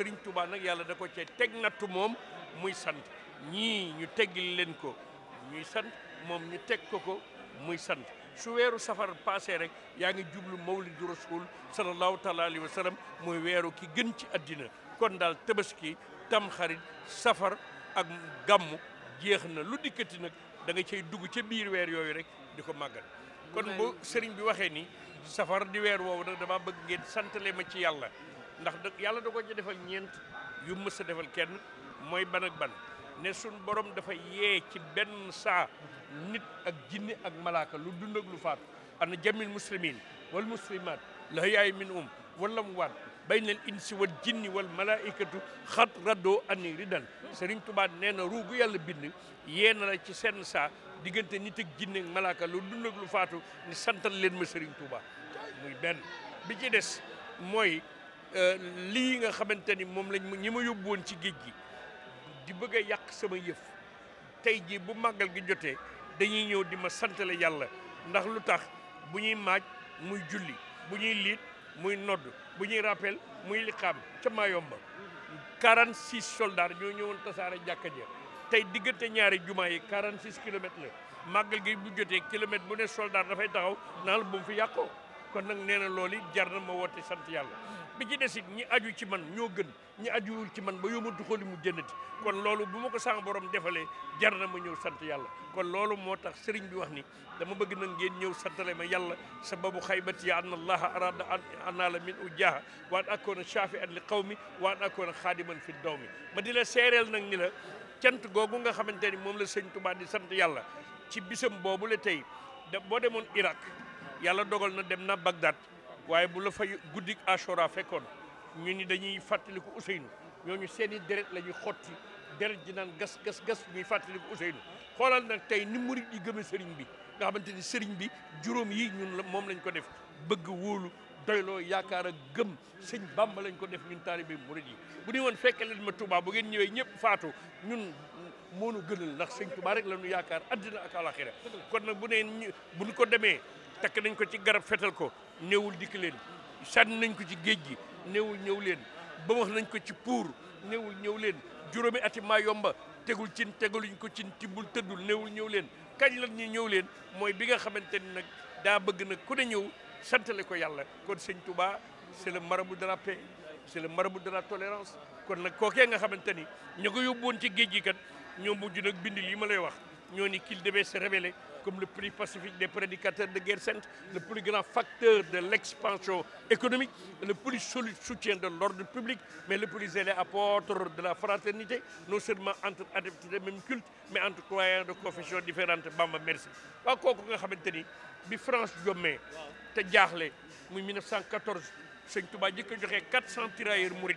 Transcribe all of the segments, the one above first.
Serigne Touba nag yàlla da ko cee teg nattu moom muy sant ñii ñu teggil leen ko ñuy sant moom ñu teg ko ko muy sant su weeru safar passé rek yaa ngi jublu mawlidu rasul sallallahu taala alayhi wa sallam muy weeru ki gën ci àddina kon daal tabaski tamxarit safar ak gàmmu jeex na lu dikkati nag danga nga cay dugg ca biir weer yooyu rek di ko màggat kon bu sëriñ bi waxee ni safar di weer woowu nag dama bëgg ngeen santale ma ci yàlla ndax dëgg yàlla da ci defal ñeent yu mës a defal kenn mooy ban ban ne suñ borom dafa yee ci benn saa nit ak jinni ak malaaka lu dund ak lu faatu ana jamil muslimin wal muslimat la yaay min um wala mu waat bayna al insi wal jinni wal malaikatu xat radoo ani ridan Serigne Touba nee na ruugu yàlla bind yee na la ci seen saa diggante nit ak jinni ak malaaka lu dund ak lu faatu ni santal leen ma Serigne Touba muy benn bi ci des mooy Euh, lii nga xamante ni moom lañ ñi ma yóbbu woon ci géej gi di bëgg a yàq sama yëf tey jii bu màggal gi jotee dañuy ñëw di ma santale yàlla ndax lu tax bu ñuy maaj muy julli bu ñuy liit muy nodd bu ñuy rappel muy liqaam ca Mayomba 46 soldats ñoo ñëwoon tasaare jàkka ja tey diggante ñaari jumaa yi 46 kilomètres la màggal gi bu jotee kilomètre bu ne soldaar dafay taxaw naan bu mu fi yàqoo kon nag nee na loolu jar na ma woote sant yàlla bi ci desit ñi aju ci man ñoo gën ñi ajuwul ci man ba yómatu xooli mu jënnati kon loolu bu ma ko sang boroom defalee jar na ma ñëw sant yàlla kon loolu moo tax sëriñ bi wax ni dama bëgg nag ngeen ñëw santale ma yàlla sababu xaybati ya anna allaha arada anaala min ujaaha wa an akoona shafian li qawmi wa an akoona xaadiman fi dawmi ma di la seereel nag ni la cant googu nga xamante ni moom la sëñ Tuubaa sant yàlla ci bisam boobu la tey da boo demoon Irak yàlla dogal na dem na Bagdad waaye bu la fa guddi Ashura fekkoon ñun ni dañuy fàttaliku Ousseynou ñooñu seen i deret la ñuy xotti deret ji naan gas gas gas ñuy fàttaliku Ousseynou xoolaan nag tey ni murit yi gëme sëriñ bi nga xamante ni sëriñ bi juróom yi ñun la moom lañ ko def bëgg wóolu doyloo yaakaar ak gëm sëñ Bàmba lañ ko def ñun taalibe murit yi bu ñu woon fekke leen ma Touba bu ngeen ñëwee ñëpp faatu ñun moo nu gënal ndax sëñ Touba rek la ñu yaakaar addina ak alaxira kon ko demee takk nañ ko ci garab fetal ko néewul dikk leen sànni nañ ko ci géej gi néewul ñëw leen ba wax nañ ko ci puur néewul ñëw leen juróomi ati maa yomba tegul cin tegaluñ ko cin tibbul tëddul néewul ñëw leen kañ lan ñi ñëw leen mooy bi nga xamante ni nag daa bëgg nag ku ne ñëw santale ko yàlla kon sëñ Touba c'est le marabout de la paix c'est le marabout de la kon nag kookee nga xamante ni ñu ko yóbbuwoon ci géej gi kat ñoo mujj nag bind lii ma lay wax ñoo ni qu'il devait se comme le prix pacifique des prédicateurs de guerre sainte, le plus grand facteur de l'expansion économique, le plus solide soutien de l'ordre public, mais le plus zélé apporteur de la fraternité, non seulement entre adeptes des même culte, mais entre croyants de confessions différentes. Bamba, merci. Encore une nga France en 1914 400 tirailleurs mourus.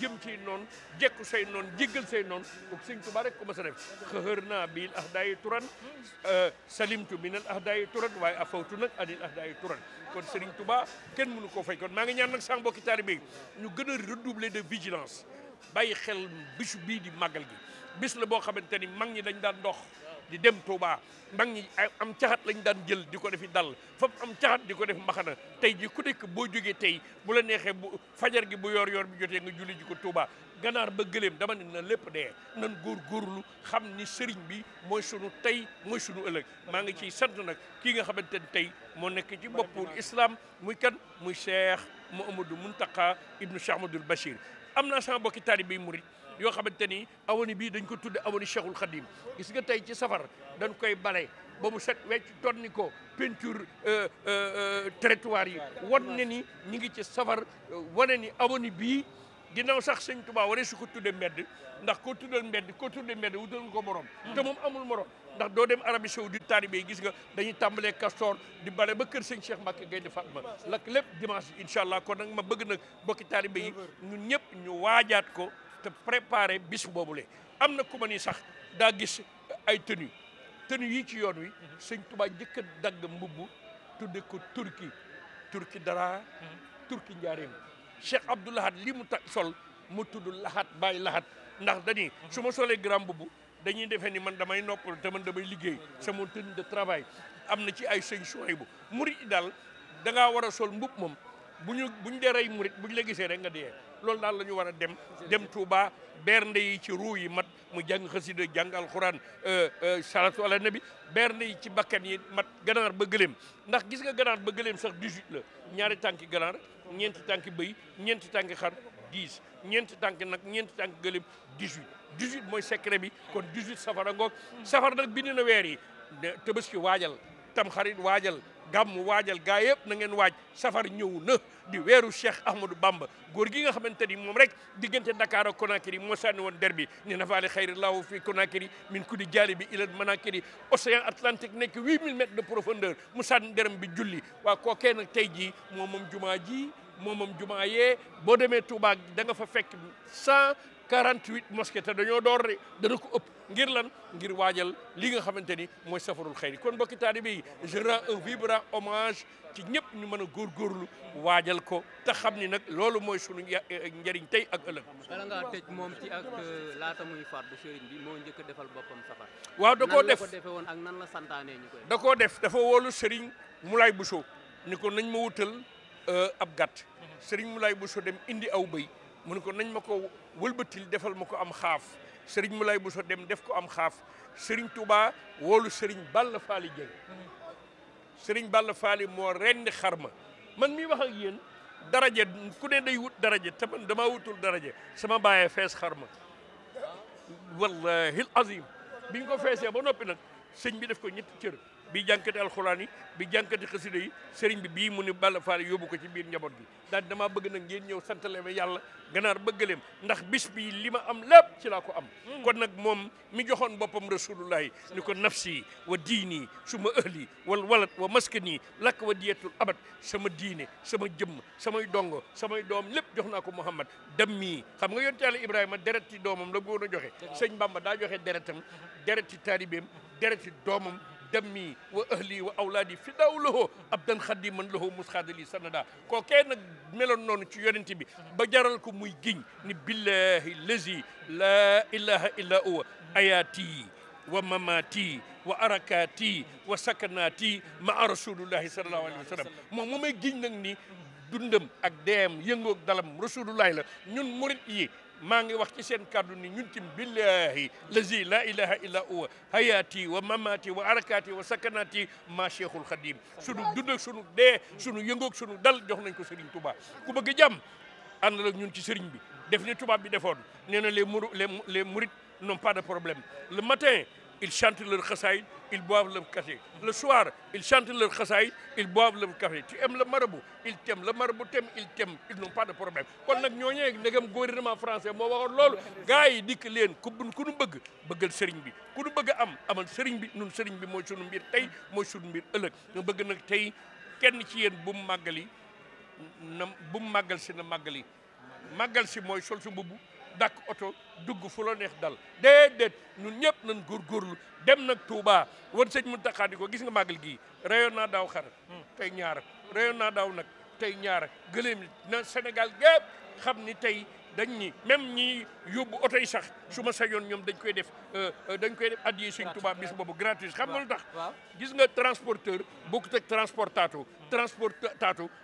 jëm ci noonu jekku sey noonu jéggal say noonu kooku sëñ Tuubaa rek ko mas a def xëxër naa bil ahdaayi turan euh, salimtu minal ahdaayi turan waaye afawtu nag anil ahdaayi turan kon Serigne Touba kenn mënu koo fay kon maa ngi ñaan nag sama mbokki taalibe ñu gën a redoubler de vigilance bàyyi xel bisu bii di màggal gi bis la boo xamante ni mag ñi dañ daan dox di dem Touba mag ñi am caxat lañ daan jël di ko defi dal fop am caxat di ko def mbaxana tey ji ku nekk boo jógee tey bu la neexee bu fajar gi bu yor yoor bi jotee nga julli ji ko Touba ganaar ba gëléem dama ne na lépp dee nan góor góorlu xam ni sëriñ bi mooy sunu tey mooy sunu ëllëg maa ngi ciy sant nag kii nga xamante tey moo nekk ci boppul islam muy kan muy Cheikh Mouhamadou Mountakha ibnu Cheikh Ahmadoul Bachir am naa sama bokki taalibe murit yoo xamante ni awani bii dañ ko tudde awani Cheikhul Khadim gis nga tey ci safar dañ koy bale ba mu set wecc tonni ko peinture euh, euh, trottoir yi wan ne ni ñu ngi ci safar euh, wane ni awani bii ginnaaw sax sëñ Tuubaa waree su ko tudde mbedd ndax koo tuddal mbedd koo tudde mbedd wutal nga ko morom hmm. te moom amul morom ndax doo dem Arabie Saoudite taalibe yi gis nga dañuy tàmbalee Castor di bale ba kër sëñ Cheikh Mbacke Gaynde Fatma lakk lépp dimanche incha allah kon nag ma bëgg nag bokki taalibe yi ñun ñëpp ñu waajaat ko te préparé bis boobule am na ku ni sax daa gis ay tenue tenue yi ci yoon wi sëñ Tuubaa njëkk dagg mbubb tudde ko turki turki dara turki njaareem Cheikh Abdou Lahad li mu ta sol mu tudd lahat bàyyi lahat ndax dañuy su ma solee grand mbubb dañuy defee ni man damay noppal te man damay liggéey sama tenue de travail am na ci ay sëñ Suhaybu murid daal da ngaa war a sol mbubb moom bu ñu bu ñu dee rey murit bu ñu la gisee rek nga dee loolu daal la ñu war a dem dem Touba bernde yi ci ruu yi mat mu jàng xasida jàng alxuraan euh, euh, salatu ala nabi bernde yi ci bakkan yi mat ganaar ba gëléem ndax gis nga ganaar ba gëléem sax 18 la ñaari tànki ganaar ñeenti tànki bëy ñeenti tànki xar 10 ñeenti tànk nag ñeenti tànk gëléem 18 18 mooy secret bi kon 18 safara ngoog safar nag bind na weer yi tëbaski waajal tam xarit waajal gàmmu waajal gaa yëpp na ngeen waaj safar ñëw na di weeru Cheikh Ahmadou Bamba góor gi nga xamante ni moom rek diggante Dakar ak Conakry moo sànni woon der bi ne nafaali xayrillahu fi Conakry min ku di jaali bi ilal Manakiri océan Atlantique nekk 8000 mètres de profondeur mu sànni deram bi julli waa kookee nag tey jii moom moom jumaa ji moom moom jumaa yee boo demee Touba da nga fa fekk 100 48 mosquées te dañoo door de dana ko upp ngir lan ngir waajal li nga xamanteni moy safarul khair kon bokki taalibe yi je rends un vibrant hommage ci ñepp ñu mëna gor gorlu waajal ko te xamni nak nag loolu mooy sunu njëriñ eh, tey ak ëlëk bala nga tej mom ci ak euh, laata muy fardu sëriñ bi mo ñëk defal bopam safar. waaw da ko def da ko defewon ak nan la santaane ñu koy. da ko def dafa wolu sëriñ Moulay Bousso ni ko nañ ma wutal euh ab gàtt sëriñ Moulay Bousso dem indi aw bay mu ne ko nañ ma ko wëlbatil defal ma ko am xaaf sëriñ lay Bousso dem def ko am xaaf sëriñ Touba woolu sëriñ Balla Faali jël sëriñ Balla Faali moo rendi xar ma man mii wax ak yéen daraje ku ne day wut daraje te dama damaa wutul daraje sama bàyyee fees xar ma wallahi al azim bi ñu ko feesee ba noppi nag sëñ bi def ko ñetti cër bi jànkati alxuraan yi bi jànkati xasida yi sëriñ bi bii mu ni Balla Fall yóbbu ko ci biir njaboot gi daal damaa bëgg nag ngeen ñëw santale ma yàlla ganaar bëgg leem ndax bis bi li ma am lépp ci laa ko am mm. kon nag moom mi joxoon boppam rasulullahi ni ko nafsi wa diini suma ahli wal walat wa maskani lakk wa diyetul abat sama diine sama jëmm samay dongo samay doom lépp jox naa ko Muhammad dammi xam nga yoon yàlla Ibrahima deret ci doomam la góor a joxe sëñ Bamba daa joxe deretam deret ci دمي واهلي واولادي في دوله ابدا خديما له مسخاد لي سندا كوكي نك ميلون نون سي يونتي بي با جارال كو موي غين ني بالله الذي لا اله الا هو اياتي ومماتي واركاتي وسكناتي مع رسول الله صلى الله عليه وسلم موم مومي غين نك ني اك ديم deem دالم رسول الله لا نون murit يي إيه. maa ngi wax ci seen kàddu ni ñun tim billahi lazi la ilaha illa huwa hayati wa mamati wa arakati wa sakanati ma cheikhul xadim sunu dund ak sunu dee sunu yëngoog sunu dal jox nañ ko Serigne Touba ku bëgg jàmm ànd la ñun ci Serigne bi def ni tubaab bi defoon nee na les mourides n'ont pas de problème le matin ils chantent leur ils boivent leur café. Le soir, ils chantent leur khasaïd, ils boivent leur café. Tu aimes le marabout, ils t'aiment. Le marabout t'aime, ils t'aiment. Ils n'ont pas de problème. Quand nous a le gouvernement français, nous dit que les gens sont que les gens le Serigne. Ils am le Serigne. Nous, le Serigne, c'est magali, bu magal ci na magali. Magal ci moy dàq oto dugg fu la neex dal déedéet ñun ñëpp nañ góorgóorlu dem nag Touba wan sëñ mu di ko gis nga màggal gii rayoon naa daaw xar tey ñaar rayoon naa nag tey ñaar gëléem na Sénégal gépp xam ni tey dañ ñi même ñi yóbbu oto yi sax su ma sañoon ñoom dañ koy def euh, dañ koy def addiya Sëñ Tuubaa bis boobu gratuit xam nga lu tax gis nga transporteur bokkut ak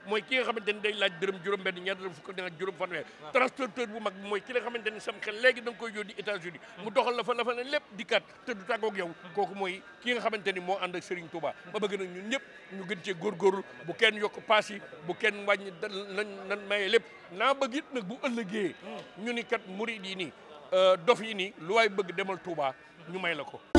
mooy ki nga xamante ni day laaj dërëm juróom benn ñaar dërëm fukk ak juróom fanweer transporteur bu mag bi mooy ki nga xamante sam xel léegi da nga koy yóbbu États-Unis mu doxal a fa la fa ne lépp dikkaat te du tàggoog yow kooku mooy ki nga xamante ni moo ànd ak Sëriñ Tuubaa ma bëgg nag ñun ñëpp ñu gën cee góorgóorlu bu kenn yokk paas yi bu kenn wàññi lan lan maye lépp naa bëgg it nag bu ëllëgee hmm. ñu yi nii euh, dof yi nii lu waay bëgg demal Touba ñu may la ko